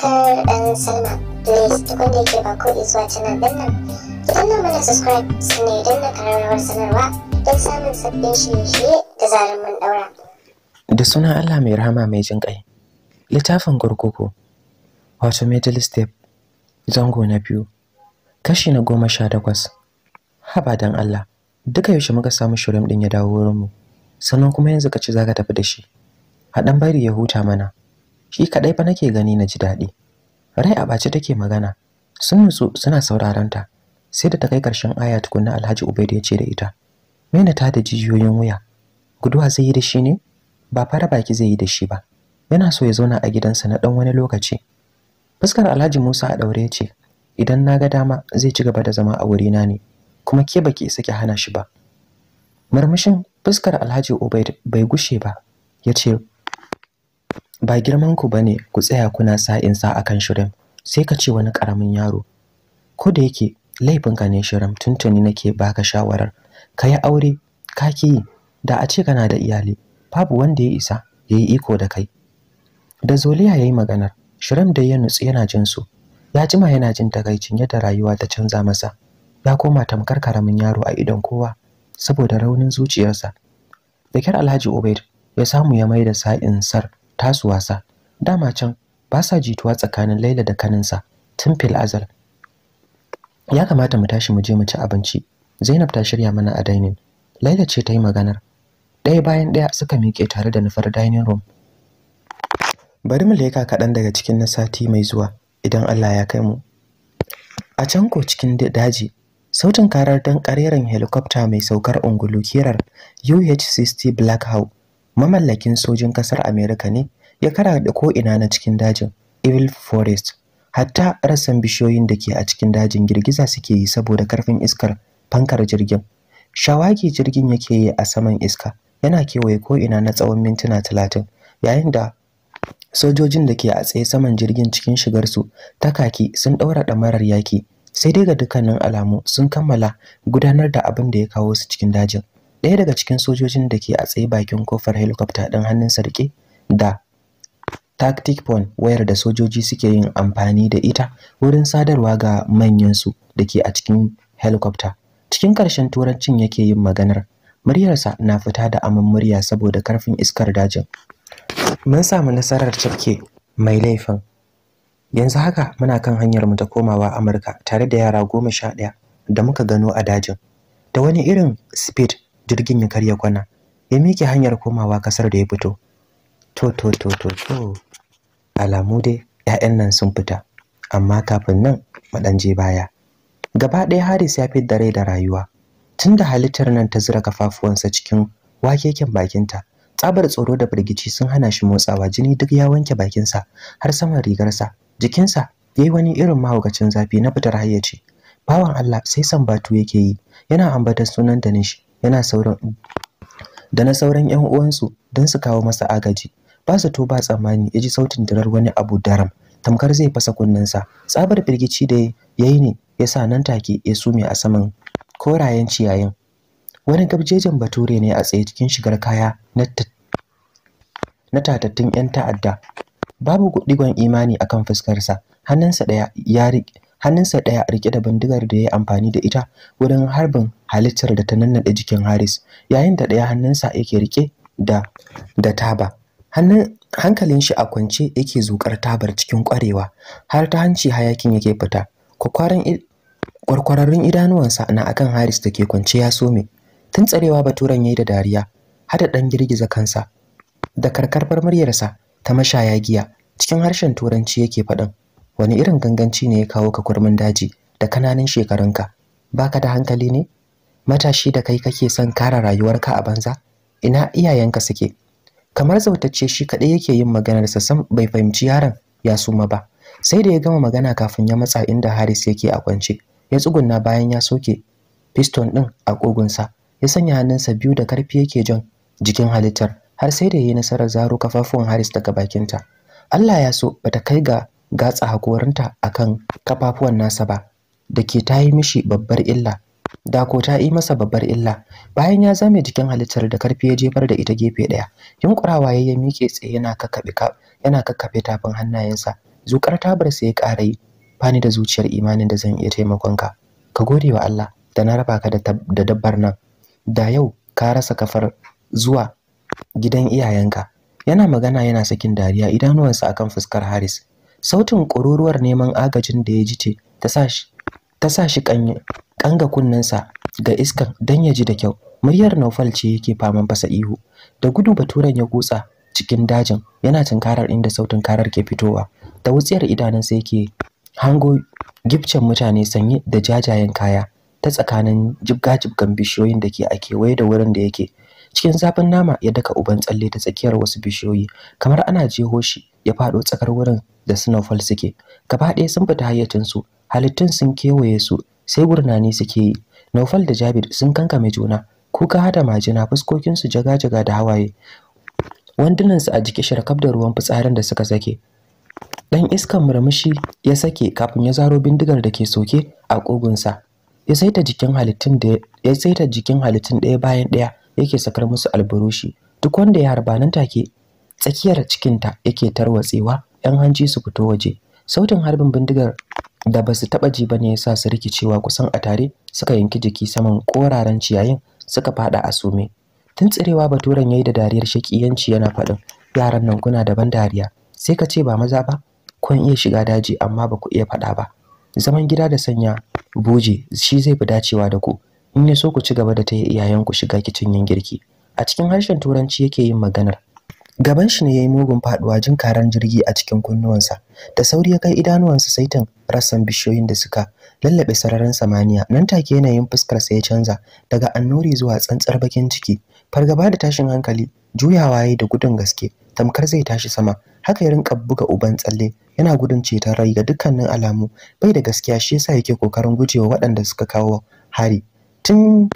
subscribe and sign up. Please tukun da yake ba ko zuwa canal din nan. Ki danna mana subscribe sannan idan na karar sanarwa don samun sabbin shirye-shirye da zarar mun daura. Da sunan Allah mai rahama mai jin ƙai. Littafin kurkuku wato middle step zango na biyu kashi na goma sha takwas haba dan Allah duka yaushe muka samu shirin din ya dawo wurinmu. sannan kuma yanzu ka ci za ka tafi da shi a bari ya huta mana shi kaɗai fa nake gani na ji daɗi rai a bace take magana sun nutsu suna sauraron ta sai da ta kai ƙarshen aya tukunna alhaji ubaidu ya ce da ita mena ta da jijiyoyin wuya guduwa zai yi da shi ne ba fara baki zai yi da shi ba yana so ya zauna a gidansa na ɗan wani lokaci fuskar alhaji musa a ɗaure ce idan na ga dama zai ci gaba da zama a wuri na ne kuma ke baki isa hana shi ba murmushin fuskar alhaji ubaid bai gushe ba yace. ba girman ku bane ku tsaya kuna sa'in sa akan shirin sai ka ce wani karamin yaro ko da yake ka ne shirin tuntuni nake baka shawarar ka yi aure ka ki da a ce kana da iyali babu wanda ya isa ya yi iko da kai da zoliya ya yi maganar shirin da ya nutsu yana jin su ya jima yana jin takaicin yadda rayuwa ta canza masa ya koma tamkar karamin yaro a idon kowa saboda raunin zuciyarsa da alhaji ubaid ya samu ya mai da sa'in sar tasu wasa dama can ba sa jituwa tsakanin Laila da kaninsa tun fil azal ya kamata mu tashi mu je mu ci abinci Zainab ta shirya mana a dining Laila ce ta yi maganar ɗaya bayan ɗaya suka miƙe tare da nufar dining room bari mu leka kaɗan daga cikin na sati mai zuwa idan Allah ya kai mu a can ko cikin daji sautin karar dan ƙareren helikopta mai saukar ungulu kirar UH-60 Black Hawk mamallakin sojin ƙasar Amerika ne ya karaɗe ko ina na cikin dajin Evil Forest hatta rassan bishiyoyin da ke a cikin dajin girgiza suke yi saboda karfin iskar fankar jirgin shawagi jirgin yake yi a saman iska yana kewaye ko'ina na tsawon mintuna talatin yayin da sojojin da ke a tsaye saman jirgin cikin shigarsu ta kaki sun ɗaura ɗamarar yaki sai dai ga dukkanin alamu sun kammala gudanar da abin da ya kawo su cikin dajin ɗaya daga cikin sojojin da ke a tsaye bakin kofar helikopta ɗin hannun sarki da tactic point wayar da sojoji suke yin amfani da ita wurin sadarwa ga manyansu da ke a cikin helikopta, cikin ƙarshen turancin yake yin maganar muryarsa na fita da aman murya saboda karfin iskar dajin mun samu nasarar cafke mai laifin yanzu haka muna kan hanyar mu ta komawa amurka tare da yara goma sha ɗaya da muka gano a dajin da wani irin speed jirgin ya karya kwana ya miƙe hanyar komawa kasar da ya fito to to to to to alamu dai 'ya'yan nan sun fita amma kafin nan maɗan baya gaba ɗaya haris ya fi rai da rayuwa tunda halittar nan ta zura kafafuwansa cikin wakeken bakinta tsabar tsoro da firgici sun hana shi motsawa jini duk ya wanke bakinsa har saman rigarsa jikinsa ya yi wani irin mahaukacin zafi na fitar hayyaci bawan Allah sai sambatu yake yi yana ambatar sunan da shi. yana sauran da na sauran yan uwansu don su kawo masa agaji ba su to ba tsammani ya ji sautin dirar wani abu daram tamkar zai fasa kunnensa tsabar firgici da ya yi ne ya sa nan take ya sume a saman korayen ciyayin wani gabjejen bature ne a tsaye cikin shigar kaya na tatattun 'yan ta'adda babu digon imani akan fuskarsa hannunsa ɗaya ya riƙe hannunsa ɗaya a rike da bindigar da ya yi amfani da ita wurin harbin halittar da ta nannaɗe jikin Haris yayin da ɗaya hannunsa yake rike da da taba hannun hankalin shi a kwance yake zukar tabar cikin kwarewa har ta hanci hayakin yake fita kwakwaran kwarkwararrun idanuwansa na akan Haris da ke kwance ya some tun tsarewa ya yayi da dariya hada ɗan girgiza kansa da karkarfar muryarsa ta mashaya giya cikin harshen turanci yake faɗin wani irin ganganci ne ya kawo ka kurmin daji da kananan shekarunka baka da hankali ne matashi da kai kake son kara rayuwarka a banza ina iyayenka suke kamar zautacce shi kaɗai yake yin maganar sa sam bai fahimci yaron ya suma ba sai da ya gama magana kafin ya matsa inda Haris yake a kwance ya tsugunna bayan ya soke piston ɗin a kogunsa ya sanya hannunsa biyu da karfi yake jan jikin halittar har sai da ya yi nasarar zaro kafafuwan Haris daga bakinta Allah ya so bata kai ga gatsa hakorinta akan kafafuwan nasa ba da ke ta yi mishi babbar illa da ko ta yi masa babbar illa bayan ya zame jikin halittar da karfi ya jefar da ita gefe daya yunkurawa ya miƙe tsaye yana kakkabe yana kakkafe tafin hannayensa zukar tabarsa sai ya ƙara yi fani da zuciyar imanin da zan iya taimakon ka ka gode wa Allah da na raba ka da dabbar nan da yau ka rasa kafar zuwa gidan iyayenka yana magana yana sakin dariya idanuwansa akan fuskar Haris sautin ƙururuwar neman agajin da ya ji ce ta sa shi kanga kunnensa ga iskan don ya ji da kyau muryar naufal ce yake faman fasa ihu da gudu baturen ya kutsa cikin dajin yana tunkarar inda sautin karar ke fitowa da wutsiyar idanunsa yake hango gibcen mutane sanye da jajayen kaya ta tsakanin jibga-jibgan bishiyoyin da ke a kewaye da wurin da yake cikin zafin nama ya daka uban tsalle ta tsakiyar wasu bishiyoyi kamar ana jeho shi ya faɗo tsakar wurin da snowfall suke gaba ɗaya sun fita hayyacinsu halittun sun kewaye su sai gurnani suke yi naufal da jabir sun kankame juna kuka hada majina fuskokinsu jaga-jaga da hawaye wandunansu a jiki sharkaf da ruwan fitsarin da suka sake Ɗan iskan murmushi ya sake kafin ya zaro bindigar da ke soke a kogunsa ya saita jikin halittun da ya saita jikin halittun ɗaya bayan ɗaya yake sakar musu alburushi duk wanda ya harba nan take tsakiyar cikinta yake tarwatsewa yan hanci su fito waje sautin harbin bindigar da ba su taɓa ji ba ne ya sa su rikicewa kusan a tare suka yanki jiki saman ƙoraren ciyayin suka faɗa a sume tuntsirewa baturen ya yi da dariyar shakiyanci yana faɗin yaran nan kuna daban dariya sai ka ce ba maza ba kun iya shiga daji amma ba ku iya faɗa ba zaman gida da sanya buje shi zai fi dacewa da ku in ne so ku ci gaba da ta iyayenku shiga kicin yin girki a cikin harshen turanci yake yin maganar gaban shi ne ya yi mugun faduwa jin karan jirgi a cikin kunnuwansa da sauri ya kai idanuwansa tan rassan bishiyoyin da suka lallaɓe sararin samaniya nan take yanayin fuskarsa ya canza daga annuri zuwa tsantsar bakin ciki fargaba da tashin hankali juyawa yayi da gudun gaske tamkar zai tashi sama haka ya rinka buga uban tsalle yana gudun ceton rai ga dukkanin alamu bai da gaskiya shi yasa yake kokarin gujewa waɗanda suka kawo hari tun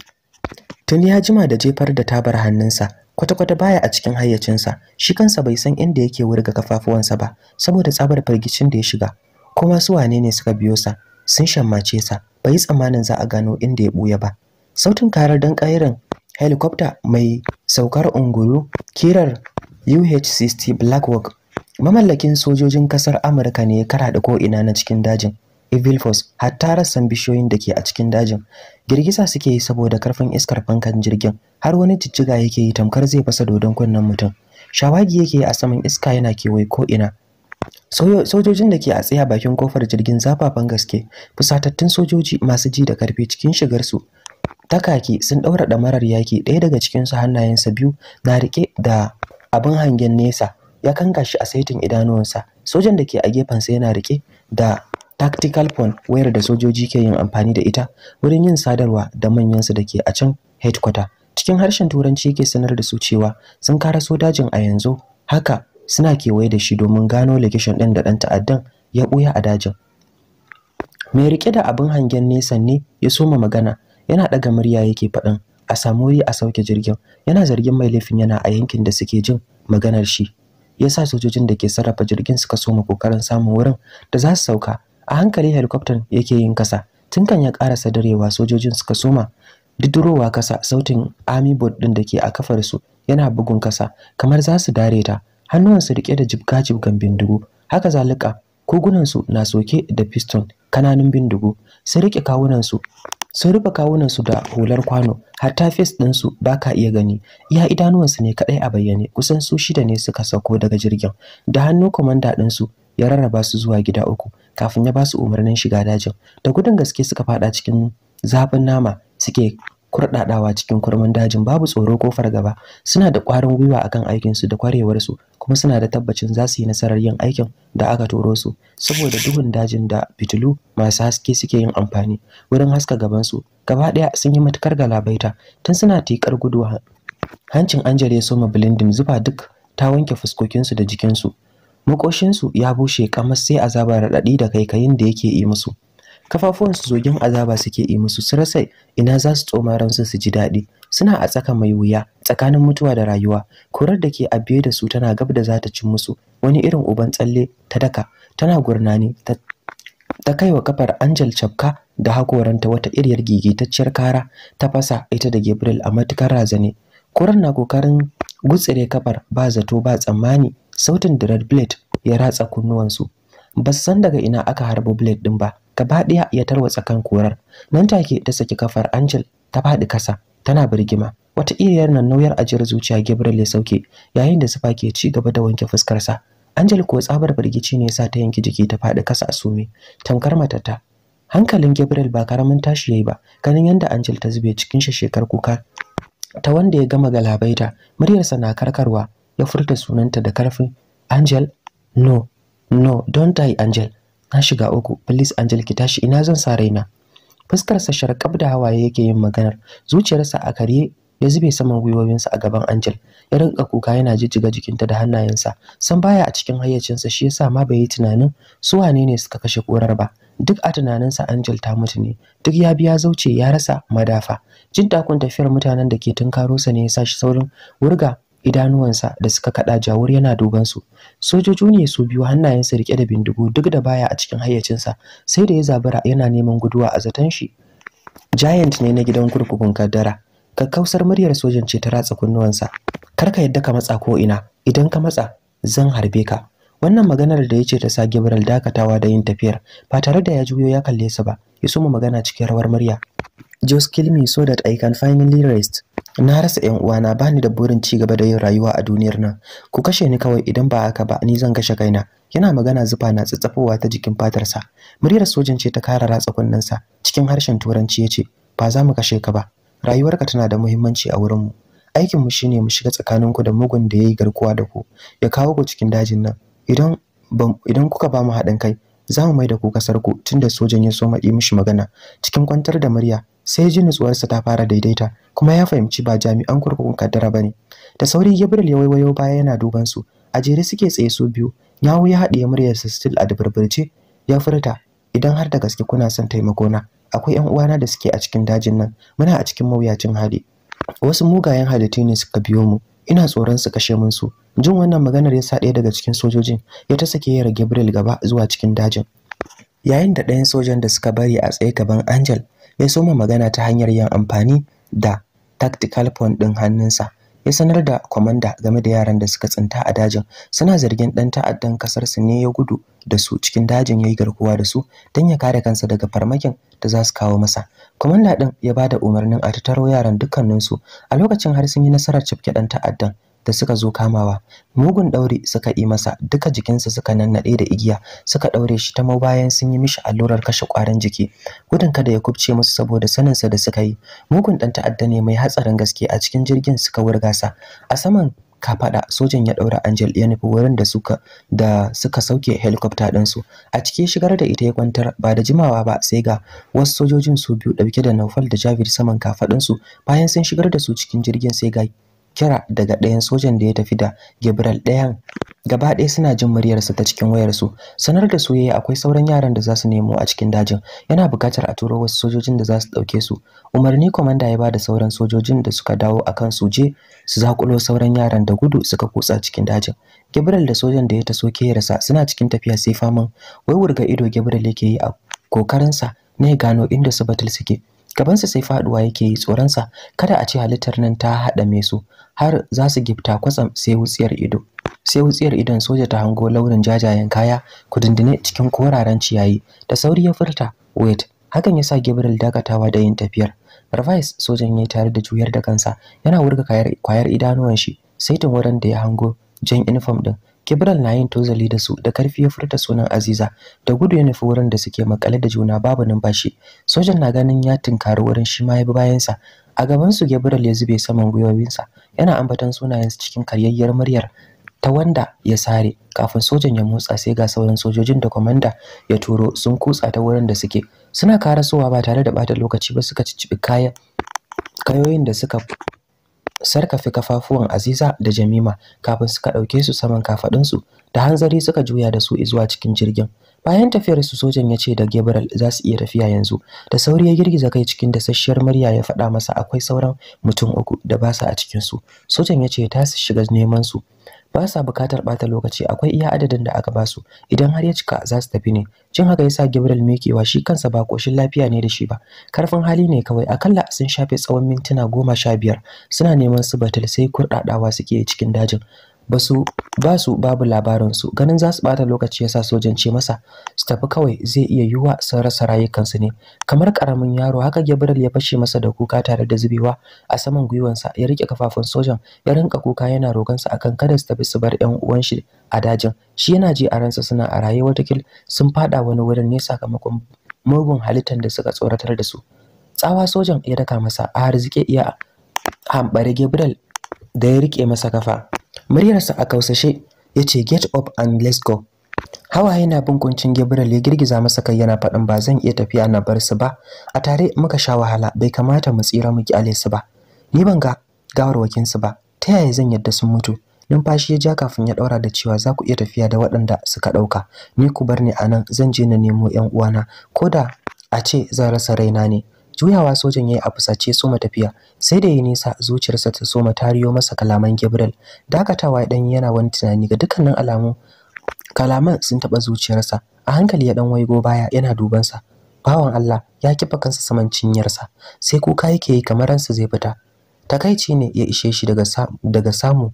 tun ya jima da jefar da tabar hannunsa kwata-kwata baya a cikin hayyacinsa shi kansa bai san inda yake wurga kafafuwansa ba saboda tsabar firgicin da ya shiga kuma su wane ne suka biyo sa sun shammace sa bai tsammanin za a gano inda ya buya ba sautin karar dan kairin helicopter mai saukar unguru kirar UH-60 Blackhawk mamallakin sojojin kasar Amurka ne ya kara da ko'ina na cikin dajin Evil Force har ta rassan bishiyoyin da ke a cikin dajin girgiza suke yi saboda karfin iskar fankan jirgin har wani jijjiga yake yi tamkar zai fasa dodon kunnen mutum shawagi yake yi a saman iska yana kewaye ko ina sojojin da ke a tsaya bakin kofar jirgin zafafan gaske fusatattun sojoji masu ji da karfi cikin shigarsu takaki sun ɗaura ɗamarar yaki ɗaya daga cikinsu hannayensa biyu na riƙe da abin hangen nesa ya kanka shi a saitin idanuwansa sojan da ke a gefensa yana riƙe da tactical phone wayar da sojoji ke yin amfani da ita wurin yin sadarwa da manyansu da ke a can headquarter cikin harshen turanci yake sanar da su cewa sun so dajin a yanzu haka suna kewaye da shi domin gano location ɗin da ɗan ta'addan ya ɓuya a dajin mai rike da abin hangen nesa ne ya soma magana yana ɗaga murya yake faɗin a samu wuri a sauke jirgin yana zargin mai laifin yana a yankin da suke jin maganar shi yasa sojojin da ke sarrafa jirgin suka soma kokarin samun wurin da za su sauka a hankali helicopter yake yin kasa tun kan ya karasa darewa sojojin suka soma didurowa kasa sautin army board din da ke a kafar su yana bugun kasa kamar za su dare ta hannuwan su rike da jibga jibgan bindigo haka zalika kogunansu na soke da piston kananan bindigo sun rike kawunansu sun rufe kawunansu da hular kwano hatta fes ɗinsu ba ka iya gani iya idanuwansu ne kadai a bayyane kusan su shida ne suka sauko daga jirgin da hannu kwamanda su ya rarraba su zuwa gida uku kafin ya ba su umarnin shiga dajin da gudun gaske suka fada cikin zafin nama suke kurɗaɗawa cikin kurmin dajin babu tsoro ko fargaba suna da ƙwarin gwiwa akan aikin su da su kuma suna da tabbacin za su yi nasarar yin aikin da aka toro su saboda duhun dajin da fitilu masu haske suke yin amfani wurin haska gaban su gaba ɗaya sun yi matukar galabaita tun suna tikar gudu hancin anjare soma bilindin zuba duk ta wanke fuskokinsu da jikinsu makoshinsu ya bushe kamar sai azaba raɗaɗi da kaikayin da yake yi musu kafafuwansu zogin azaba suke yi musu su rasa ina za su tsoma ransu su ji daɗi suna a tsaka mai wuya tsakanin mutuwa da rayuwa kurar da ke abiye da su tana gab da za ta cin musu wani irin uban tsalle ta daka tana gurnani ta ta kai wa kafar Angel Chapka da hakoranta wata iriyar gigitacciyar kara ta fasa ita da Gabriel a matukar razane. kurar na kokarin gutsire kafar ba zato ba tsammani sautin da Red blade ya ratsa kunnuwansu ba san daga ina aka harbo blade din ba gaba ɗaya ya tarwatsa kan korar nan take ta saki kafar angel ta faɗi kasa tana birgima wata iriyar nan nauyar ajiyar zuciya gabriel ya sauke yayin da sufa ke ci gaba da wanke fuskarsa angel ko tsabar birgici ne sa ta yanki jiki ta faɗi kasa a sume tankar matata hankalin gabriel ba karamin tashi yayi ba ganin yanda angel ta zube cikin shi shekar kuka ta wanda ya gama galabaita muryarsa na karkarwa ya furta sunanta da karfi angel no no don't die angel na shiga uku please angel ki tashi ina zan sa raina fuskarsa sharkab da hawaye yake yin maganar zuciyarsa a karye ya zube saman gwiwowinsa a gaban Angel ya rinka kuka yana jijjiga jikinta da hannayensa san baya a cikin hayyacinsa shi yasa ma bai yi tunanin su wane ne suka kashe korar ba duk a tunaninsa Angel ta mutu ne duk ya biya zauce ya rasa madafa jin takun tafiyar mutanen da ke tunkaro sa ne ya sa shi saurin wurga idanuwansa da suka kada jawur yana duban su sojoji ne su biyu hannayensu rike da bindigo duk da baya a cikin hayyacin sa sai da ya zabura yana neman guduwa a zaton shi giant ne na gidan kurkukun kaddara kakkausar muryar sojan ce ta ratsa kunnuwansa kar ka yadda ka matsa ko ina idan ka matsa zan harbe ka wannan maganar da ya ce ta sa Gabriel dakatawa da yin tafiyar ba tare da ya juyo ya kalle su ba ya soma magana cikin rawar murya just kill me so that i can finally rest na rasa ƴan uwana bani da burin ci gaba da yin rayuwa a duniyar nan ku kashe ni kawai idan ba haka ba ni zan kashe kaina yana magana zufa na tsatsafowa ta jikin fatarsa muryar sojan ce ta kara ratsa kunnensa cikin harshen turanci yace ba za mu kashe ka ba rayuwarka tana da muhimmanci a wurin mu. aikin mu shine mu shiga tsakanin ku da mugun da yayi garkuwa da ku ya kawo ku cikin dajin nan idan idan kuka ba mu haɗin kai za mu mai da ku kasar ku tunda sojan ya so yi mishi magana cikin kwantar da murya sai ji nutsuwarsa ta fara daidaita kuma ya fahimci ba jami'an kurkukun kaddara ne. da sauri Gabriel ya waiwayo baya yana duban su a jere suke tsaye su biyu yawo ya haɗiye muryarsa still a dabarbarce ya furta idan har da gaske kuna son taimako na akwai yan uwana da suke a cikin dajin nan muna a cikin mawuyacin hali wasu mugayen halittu ne suka biyo mu ina tsoron su kashe mun su jin wannan maganar ya sa ɗaya daga cikin sojojin ya ta sake yara Gabriel gaba zuwa cikin dajin yayin da ɗayan sojan da suka bari a tsaye gaban Angel ya soma magana ta hanyar yin amfani da tactical phone ɗin hannunsa ya sanar da kwamanda game da yaran da suka tsinta a dajin suna zargin ɗan ta'addan kasar su ne ya gudu da su cikin dajin yayi garkuwa da su don ya kare kansa daga farmakin da za su kawo masa kwamanda ɗin ya bada da umarnin a tattaro yaran dukkaninsu a lokacin har sun yi nasarar cifke ɗan ta'addan da suka zo kamawa mugun ɗauri suka yi masa duka jikinsa suka nannaɗe da igiya suka ɗaure shi ta mau bayan sun yi mishi allurar kashe ƙwarin jiki gudun kada ya kubce musu saboda saninsa da suka yi mugun ɗan ta'adda ne mai hatsarin gaske a cikin jirgin suka wurga sa a saman kafaɗa sojan ya ɗaura Angel ya nufi wurin da suka da suka sauke helicopter ɗinsu a cikin shigar da ita ya kwantar ba da jimawa ba sai ga wasu sojojin su biyu ɗauke da Naufal da Javid saman kafaɗinsu bayan sun shigar da su cikin jirgin sai ga kira daga ɗayan sojan da ya tafi da Gabriel ɗayan gaba ɗaya suna jin muryarsa ta cikin wayarsu sanar da soyayya akwai sauran yaran da za su nemo a cikin dajin yana buƙatar a turo wasu sojojin da za su ɗauke su umarni komanda ya ba da sauran sojojin da suka dawo akan su je su zakulo sauran yaran da gudu suka kutsa cikin dajin Gabriel da sojan da ya taso rasa, suna cikin tafiya sai faman wai wurga ido Gabriel yake yi a kokarinsa ne gano inda su batul suke gabansa sai faduwa yake yi tsoronsa kada a ce halittar nan ta haɗa me su har za su gifta kwatsam sai wutsiyar ido sai wutsiyar idon soja ta hango launin jajayen kaya kudindine cikin koraren ciyayi da sauri ya furta wait hakan yasa sa gabriel dakatawa da yin tafiyar revise sojan ya tare da juyar da kansa yana wurga kwayar idanuwan shi sai wurin da ya hango jan uniform din Kibran na yin tozali da su da karfi ya furta sunan Aziza da gudu ya nufi wurin da suke makale da juna babu numfashi. Sojan na ganin ya tinkari wurin shi ma ya bi bayansa. A gaban su Gabriel ya zube saman gwiwowinsa yana ambaton sunayensu cikin karyayyar muryar ta wanda ya sare kafin sojan ya motsa sai ga sauran sojojin da kwamanda ya turo sun kutsa ta wurin da suke suna karasowa ba tare da bata lokaci ba suka cicci kayan kayoyin da suka sarkafi kafafuwan Aziza da Jamima kafin suka ɗauke su saman su da hanzari suka juya da su zuwa cikin jirgin. Bayan tafiyar su sojan ya ce da Gabriel za su iya tafiya yanzu. Da sauri ya girgiza kai cikin da sashiyar murya ya faɗa masa akwai sauran mutum uku da ba su a cikin su. Sojan ya ce ta su shiga neman su. ba sa bukatar ɓata lokaci akwai iya adadin da aka basu idan har ya cika za su tafi ne cin haka yasa Gabriel mekewa shi kansa ba koshin lafiya ne da shi ba karfin hali ne kawai akalla sun shafe tsawon mintuna goma sha biyar suna neman su batal sai kurɗaɗawa suke cikin dajin basu ba su babu su. ganin za su bata lokaci yasa sojan ce masa su tafi kawai zai iya yiwuwa sun rasa rayukansu ne kamar karamin yaro haka gabriel ya fashe masa da kuka tare da zubewa a saman gwiwansa ya rike kafafun sojan ya rinka kuka yana sa akan kada su tafi su bar yan uwan shi a dajin shi yana ji a ransa suna a raye watakil sun fada wani wurin ne sakamakon mugun halittar da suka tsoratar da su tsawa sojan ya daka masa a harzike iya hambare gabriel da ya rike masa kafa muryarsa a kausashe ya ce get up and let's go hawaye na bin kuncin gabriel ya girgiza masa kai yana faɗin ba zan iya tafiya na bar su ba a tare muka sha wahala bai kamata mu tsira mu kyale su ba ni ban ga gawarwakin su ba ta yaya zan yadda sun mutu numfashi ya ja kafin ya ɗaura da cewa za ku iya tafiya da waɗanda suka ɗauka ni ku bar ni a nan zan je na nemo 'yan uwana ko da a ce zan rasa raina ne juyawa sojan ya yi a fusace so tafiya. sai da ya nisa zuciyarsa ta so tariyo masa kalaman Gabriel dakatawa ya dan yana wani tunani ga dukkanin alamu kalaman sun taba zuciyarsa a hankali ya dan waigo baya yana duban sa bawan Allah ya kifa kansa saman cinyarsa sai kuka yake yi kamar ransa zai fita takaici ne ya ishe shi daga samu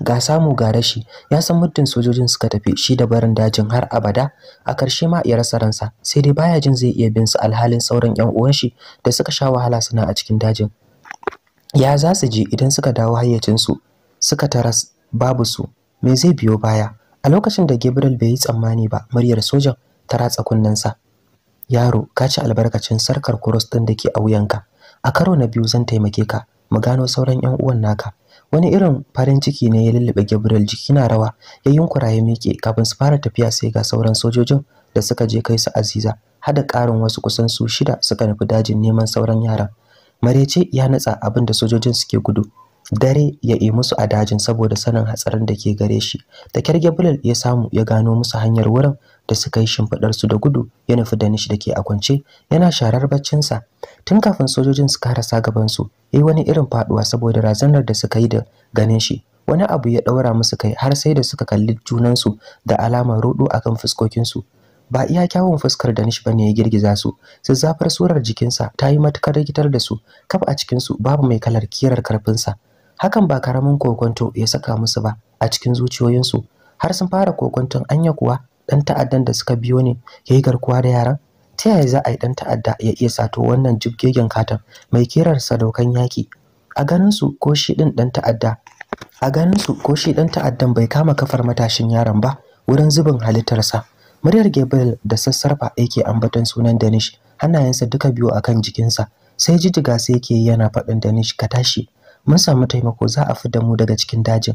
ga samu ga rashi ya san muddin sojojin suka tafi shi da barin dajin har abada a ƙarshe ma ya rasa ransa sai dai baya jin zai iya bin su alhalin sauran yan uwan shi da suka sha wahala suna a cikin dajin ya za su ji idan suka dawo hayyacin su suka taras babu su me zai biyo baya a lokacin da Gabriel bai yi tsammani ba muryar sojan ta ratsa kunnensa yaro ka ci albarkacin sarkar kuros din da ke a wuyanka a karo na biyu zan taimake ka mu gano sauran yan uwan naka wani irin farin ciki ne ya lullube Gabriel jiki na rawa ya yunkura ya miƙe kafin su fara tafiya sai ga sauran sojojin da suka je kai su Aziza hada ƙarin wasu kusan su shida suka nufi dajin neman sauran yaran marece ya natsa abin da sojojin suke gudu dare ya yi musu a dajin saboda sanin hatsarin da ke gare shi da kyarge bulal ya samu ya gano musu hanyar wurin da suka yi shimfiɗar su da gudu ya nufi da danish da ke a kwance yana sharar baccinsa tun kafin sojojin su karasa gaban su yi wani irin faduwa saboda razanar da suka yi da ganin shi wani abu ya ɗaura musu kai har sai da suka kalli junansu da alamar ruɗu akan fuskokinsu ba iya kyawun fuskar da nishi bane ya girgiza su su zafar surar jikinsa ta yi matukar rikitar da su kaf a cikin su babu mai kalar kirar karfinsa hakan ba karamin kokonto ya saka musu ba a cikin zuciyoyinsu har sun fara kokonton anya kuwa dan ta'addan da suka biyo ne yayi garkuwa da yaran ta yaya za a yi dan ta'adda ya iya sato wannan jibgegen katon mai kirar sadaukan yaki a ganin su ko shi din dan ta'adda a ganin su ko shi dan ta'addan bai kama kafar matashin yaron ba wurin zubin halittarsa muryar gabriel da sassarfa yake ambaton sunan danish hannayensa duka biyu akan jikinsa sai jijjiga sai yake yana faɗin danish ka tashi mun samu taimako za a fi da mu daga cikin dajin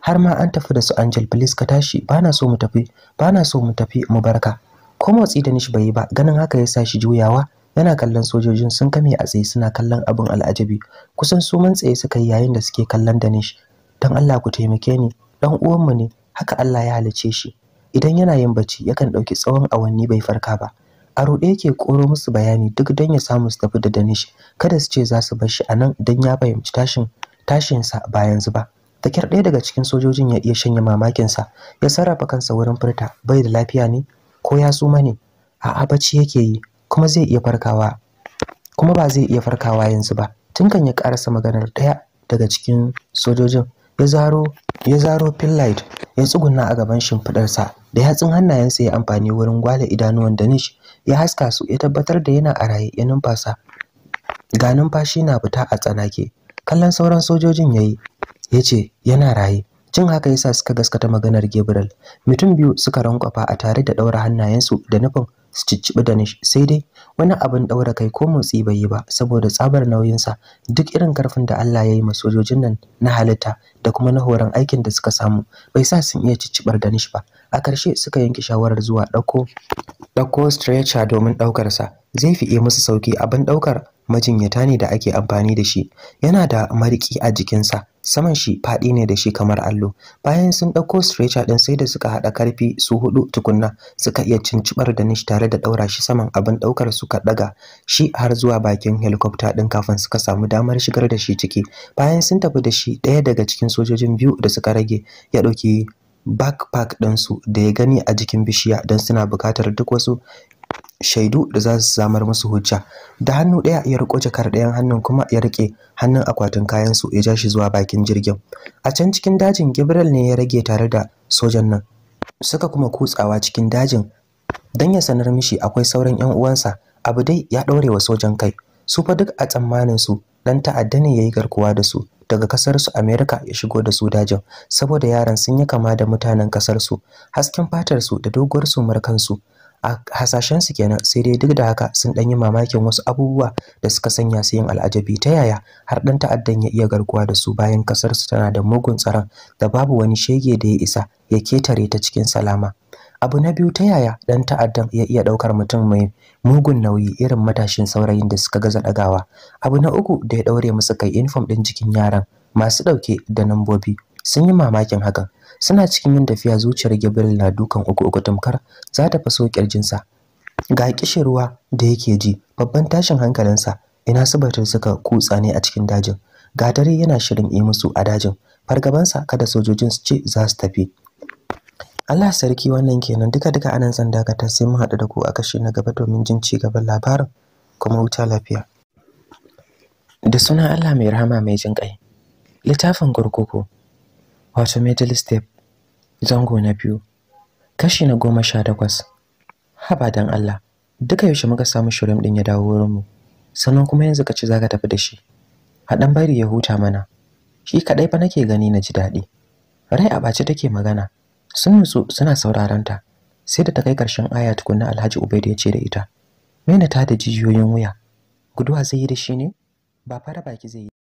har ma an tafi da su Angel please ka tashi bana so mu tafi bana so mu tafi mu barka ko motsi da nishi bai ba ganin haka ya sa shi juyawa yana kallon sojojin sun kame a tsaye suna kallon abin al'ajabi kusan su mun tsaye suka yi yayin da suke kallon da Danish dan Allah ku taimake ni dan uwanmu ne haka Allah ya halice shi idan yana yin bacci yakan ɗauki tsawon awanni bai farka ba a ruɗe yake koro musu bayani duk don ya samu su tafi da danish kada su ce za su bar shi a nan don ya fahimci tashin tashinsa ba yanzu ba da kyar ɗaya daga cikin sojojin ya iya shanye mamakinsa ya sarrafa kansa wurin furta bai da lafiya ne ko ya suma ne a'a bacci yake yi kuma zai iya farkawa kuma ba zai iya farkawa yanzu ba tun kan ya karasa maganar ɗaya daga cikin sojojin ya zaro ya zaro light ya tsuguna a gaban shimfidarsa da yatsun hannayensa ya amfani wurin gwale idanuwan danish ya haska su ya tabbatar da yana a raye ya numfasa ga numfashi na fita a tsanake kallon sauran sojojin yayi ya ce yana raye jin haka yasa suka gaskata maganar Gabriel mutum biyu suka rankwafa a tare da daura hannayensu da nufin su cicciɓi danish sai dai wani abin ɗaura kai ko motsi bai yi ba saboda tsabar nauyinsa duk irin karfin da Allah ya yi ma sojojin nan na halitta da kuma na horon aikin da suka samu bai sa sun iya cicciɓar danish ba a ƙarshe suka yanke shawarar zuwa ɗauko ɗauko stretcher domin ɗaukarsa zai fi fiye musu sauki abin ɗaukar majinyata ne da ake amfani da shi yana da mariki a jikinsa saman shi faɗi ne da shi kamar allo bayan sun ɗauko stretcher ɗin sai da suka haɗa karfi su hudu tukunna suka iya cincibar da nish tare da ɗaura shi saman abin ɗaukar suka ɗaga shi har zuwa bakin helicopter ɗin kafin suka samu damar shigar da shi ciki bayan sun tafi da shi ɗaya daga cikin sojojin biyu da suka rage ya ɗauki backpack ɗinsu da ya gani a jikin bishiya don suna buƙatar duk wasu shaidu da za su samar musu hujja da hannu ɗaya ya riko jakar ɗayan hannun kuma ya riƙe hannun akwatin kayan su ya ja shi zuwa bakin jirgin a can cikin dajin Gabriel ne ya rage tare da sojan nan suka kuma kutsawa cikin dajin dan ya sanar mishi akwai sauran yan uwansa abu dai ya ɗaure wa sojan kai su fa duk a tsammanin su dan ta'adda ne yayi garkuwa da su daga kasar su America ya shigo da su dajin saboda yaran sun yi kama da mutanen kasar su hasken fatar su da doguwar su markan su a hasashen su kenan sai dai duk da haka sun ɗanyi mamakin wasu abubuwa da suka sanya su yin al'ajabi ta yaya har ɗan ta'addan ya iya garkuwa da su bayan ƙasarsu tana da mugun tsaron da babu wani shege da ya isa ya ketare ta cikin salama abu na biyu ta yaya ɗan ta'addan ya iya ɗaukar mutum mai mugun nauyi irin matashin saurayin da suka gaza ɗagawa abu na uku da ya ɗaure musu kai uniform ɗin jikin yaran masu ɗauke da nambobi sun yi mamakin hakan suna cikin yin tafiya zuciyar Gabriel na dukan uku tamkar za ta faso kirjinsa ga kishirwa da yake ji babban tashin hankalinsa ina subatar suka kutsa ne a cikin dajin ga dare yana shirin yi musu a dajin fargabansa kada sojojin su ce za su tafi Allah sarki wannan kenan duka duka anan zan dakata sai mun haɗu da ku a kashi na gaba domin jin ci gaban labarin kuma wuta lafiya da suna Allah mai rahama mai jin ƙai littafin kurkuku wato middle step zango na biyu kashi na goma sha takwas haba dan Allah duka yaushe muka samu shirin din ya dawo wurin mu sannan kuma yanzu ka ci zaka tafi da shi a bari ya huta mana shi kadai fa nake gani na ji daɗi rai a bace take magana sun nutsu suna sauraron ta sai da ta kai ƙarshen aya tukunna Alhaji Ubaid ya ce da ita mena ta da jijiyoyin wuya guduwa zai yi da shi ne ba fara baki zai yi